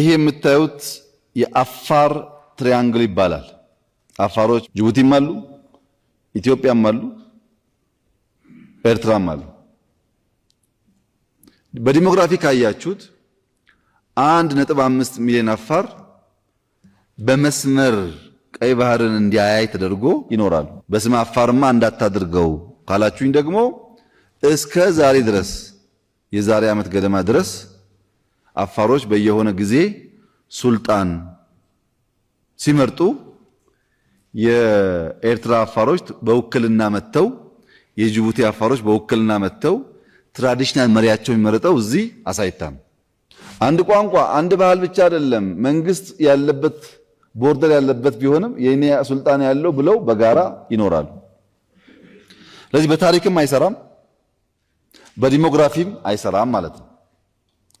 ይሄ የምታዩት የአፋር ትሪያንግል ይባላል። አፋሮች ጅቡቲም አሉ፣ ኢትዮጵያም አሉ፣ ኤርትራም አሉ። በዲሞግራፊ ካያችሁት አንድ ነጥብ አምስት ሚሊዮን አፋር በመስመር ቀይ ባህርን እንዲያያይ ተደርጎ ይኖራሉ። በስመ አፋርማ እንዳታድርገው ካላችሁኝ ደግሞ እስከ ዛሬ ድረስ የዛሬ ዓመት ገደማ ድረስ አፋሮች በየሆነ ጊዜ ሱልጣን ሲመርጡ የኤርትራ አፋሮች በውክልና መጥተው የጅቡቲ አፋሮች በውክልና መጥተው ትራዲሽናል መሪያቸው የሚመረጠው እዚህ አሳይታም። አንድ ቋንቋ፣ አንድ ባህል ብቻ አይደለም። መንግስት ያለበት ቦርደር ያለበት ቢሆንም የኔ ሱልጣን ያለው ብለው በጋራ ይኖራሉ። ስለዚህ በታሪክም አይሰራም፣ በዲሞግራፊም አይሰራም ማለት ነው።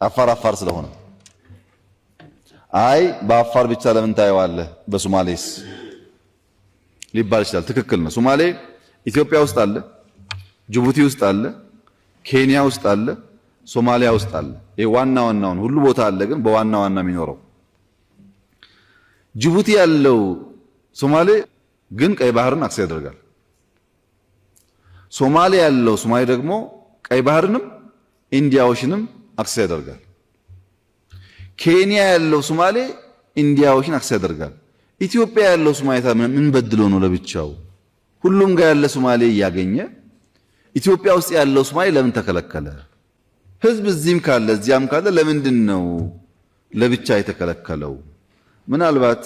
አፋር አፋር ስለሆነ አይ በአፋር ብቻ ለምን ታየዋለህ በሶማሌስ ሊባል ይችላል። ትክክል ነው። ሶማሌ ኢትዮጵያ ውስጥ አለ፣ ጅቡቲ ውስጥ አለ፣ ኬንያ ውስጥ አለ፣ ሶማሊያ ውስጥ አለ። ይሄ ዋና ዋናውን ሁሉ ቦታ አለ፣ ግን በዋና ዋና የሚኖረው ጅቡቲ ያለው ሶማሌ ግን ቀይ ባህርን አክሰስ ያደርጋል። ሶማሌ ያለው ሶማሌ ደግሞ ቀይ ባህርንም ኢንዲያ ኦሽንም አክሰስ ያደርጋል። ኬንያ ያለው ሶማሌ ኢንዲያዎችን አክሰስ ያደርጋል። ኢትዮጵያ ያለው ሶማሌ ምን በድሎ ነው ለብቻው? ሁሉም ጋር ያለ ሶማሌ እያገኘ ኢትዮጵያ ውስጥ ያለው ሶማሌ ለምን ተከለከለ? ህዝብ እዚህም ካለ እዚያም ካለ ለምንድን ነው ለብቻ የተከለከለው? ምናልባት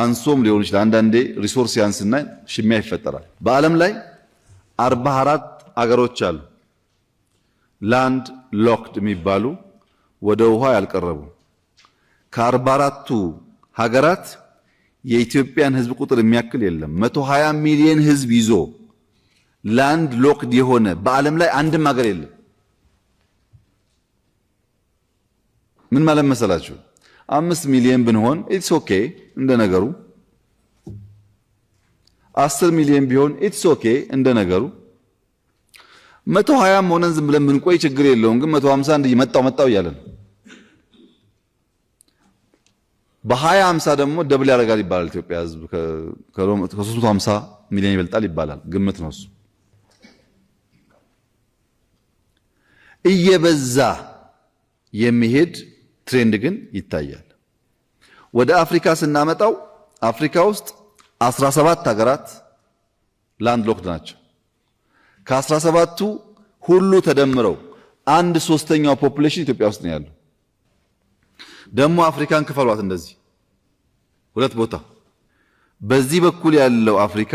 አንሶም ሊሆን ይችላል። አንዳንዴ ሪሶርስ ያንስና ሽሚያ ይፈጠራል። በዓለም ላይ አርባ አራት አገሮች አሉ። ላንድ ሎክድ የሚባሉ ወደ ውሃ ያልቀረቡ ከአርባ አራቱ ሀገራት የኢትዮጵያን ህዝብ ቁጥር የሚያክል የለም። መቶ ሀያ ሚሊዮን ህዝብ ይዞ ላንድ ሎክድ የሆነ በዓለም ላይ አንድም ሀገር የለም። ምን ማለት መሰላችሁ? አምስት ሚሊየን ብንሆን ኢትስ ኦኬ እንደ ነገሩ። አስር ሚሊየን ቢሆን ኢትስ ኦኬ እንደ ነገሩ መቶ ሀያም ሆነን ዝም ብለን ብንቆይ ችግር የለውም። ግን መቶ ሀምሳ እንዲህ መጣው መጣው እያለ ነው። በሀያ ሀምሳ ደግሞ ደብል ያደርጋል ይባላል። ኢትዮጵያ ህዝብ ከሶስት መቶ ሀምሳ ሚሊዮን ይበልጣል ይባላል። ግምት ነው እሱ። እየበዛ የሚሄድ ትሬንድ ግን ይታያል። ወደ አፍሪካ ስናመጣው አፍሪካ ውስጥ አስራ ሰባት ሀገራት ላንድ ሎክድ ናቸው። ከአስራ ሰባቱ ሁሉ ተደምረው አንድ ሶስተኛው ፖፑሌሽን ኢትዮጵያ ውስጥ ነው ያለው። ደግሞ አፍሪካን ክፈሏት እንደዚህ ሁለት ቦታ። በዚህ በኩል ያለው አፍሪካ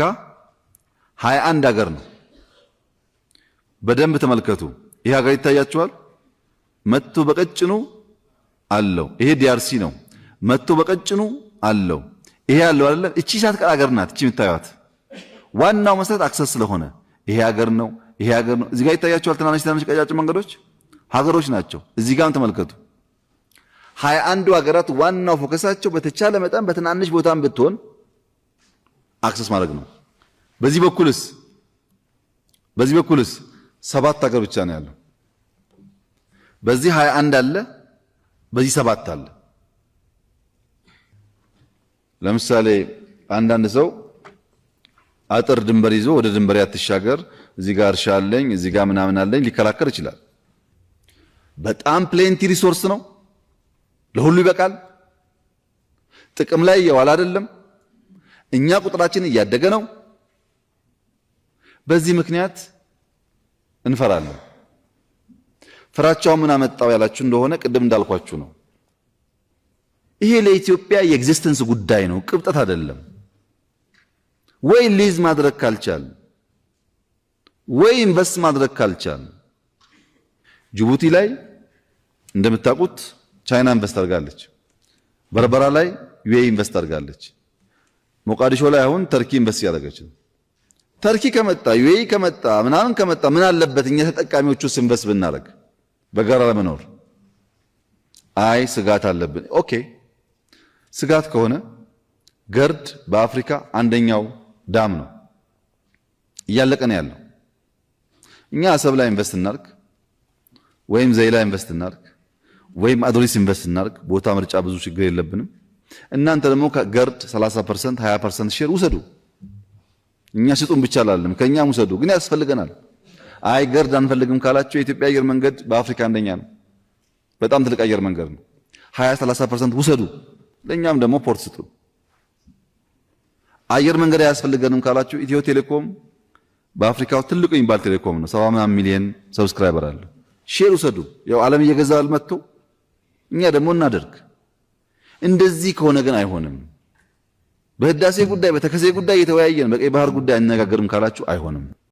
ሀያ አንድ ሀገር ነው። በደንብ ተመልከቱ። ይሄ ሀገር ይታያችኋል። መቶ በቀጭኑ አለው። ይሄ ዲያርሲ ነው። መቶ በቀጭኑ አለው። ይሄ ያለው አይደለም። እቺ ሳት ቀር ሀገር ናት። እቺ የምታዩት ዋናው መሰረት አክሰስ ስለሆነ ይሄ ሀገር ነው፣ ይሄ ሀገር ነው። እዚህ ጋር ይታያቸዋል። ትናንሽ ትናንሽ ቀጫጭ መንገዶች ሀገሮች ናቸው። እዚህ ጋርም ተመልከቱ። ሀያ አንዱ ሀገራት ዋናው ፎከሳቸው በተቻለ መጠን በትናንሽ ቦታም ብትሆን አክሰስ ማድረግ ነው። በዚህ በኩልስ በዚህ በኩልስ ሰባት ሀገር ብቻ ነው ያለው። በዚህ ሀያ አንድ አለ፣ በዚህ ሰባት አለ። ለምሳሌ አንዳንድ ሰው አጥር ድንበር ይዞ ወደ ድንበር ያትሻገር እዚህ ጋር እርሻ አለኝ፣ እዚህ ጋር ምናምን አለኝ ሊከላከል ይችላል። በጣም ፕሌንቲ ሪሶርስ ነው፣ ለሁሉ ይበቃል። ጥቅም ላይ እየዋለ አይደለም። እኛ ቁጥራችን እያደገ ነው። በዚህ ምክንያት እንፈራለን። ፍራቻው ምን አመጣው ያላችሁ እንደሆነ ቅድም እንዳልኳችሁ ነው። ይሄ ለኢትዮጵያ የኤግዚስተንስ ጉዳይ ነው፣ ቅብጠት አይደለም። ወይ ሊዝ ማድረግ ካልቻል ወይ ኢንቨስት ማድረግ ካልቻል ጅቡቲ ላይ እንደምታውቁት ቻይና ኢንቨስት አድርጋለች። በርበራ ላይ ዩኤ ኢንቨስት አድርጋለች። ሞቃዲሾ ላይ አሁን ተርኪ ኢንቨስት እያደረገች ነው። ተርኪ ከመጣ ዩኤ ከመጣ ምናምን ከመጣ ምን አለበት እኛ ተጠቃሚዎቹ ኢንቨስት ብናደርግ በጋራ ለመኖር? አይ ስጋት አለብን። ኦኬ ስጋት ከሆነ ገርድ በአፍሪካ አንደኛው ዳም ነው፣ እያለቀ ነው ያለው። እኛ አሰብ ላይ ኢንቨስት እናርግ ወይም ዘይላ ኢንቨስት እናርግ ወይም አዶሊስ ኢንቨስት እናርግ፣ ቦታ ምርጫ ብዙ ችግር የለብንም። እናንተ ደግሞ ከገርድ 30 ፐርሰንት 20 ፐርሰንት ሼር ውሰዱ። እኛ ስጡን ብቻ አላለም፣ ከእኛም ውሰዱ፣ ግን ያስፈልገናል። አይ ገርድ አንፈልግም ካላቸው የኢትዮጵያ አየር መንገድ በአፍሪካ አንደኛ ነው። በጣም ትልቅ አየር መንገድ ነው። 20 30 ፐርሰንት ውሰዱ፣ ለእኛም ደግሞ ፖርት ስጡ። አየር መንገድ አያስፈልገንም ካላችሁ ኢትዮ ቴሌኮም በአፍሪካው ትልቁ የሚባል ቴሌኮም ነው። ሰባ ምናምን ሚሊየን ሰብስክራይበር አለ። ሼር ውሰዱ። ያው ዓለም እየገዛ አልመጥቶ እኛ ደግሞ እናደርግ። እንደዚህ ከሆነ ግን አይሆንም። በህዳሴ ጉዳይ፣ በተከዜ ጉዳይ እየተወያየን በቀይ ባህር ጉዳይ አነጋገርም ካላችሁ አይሆንም።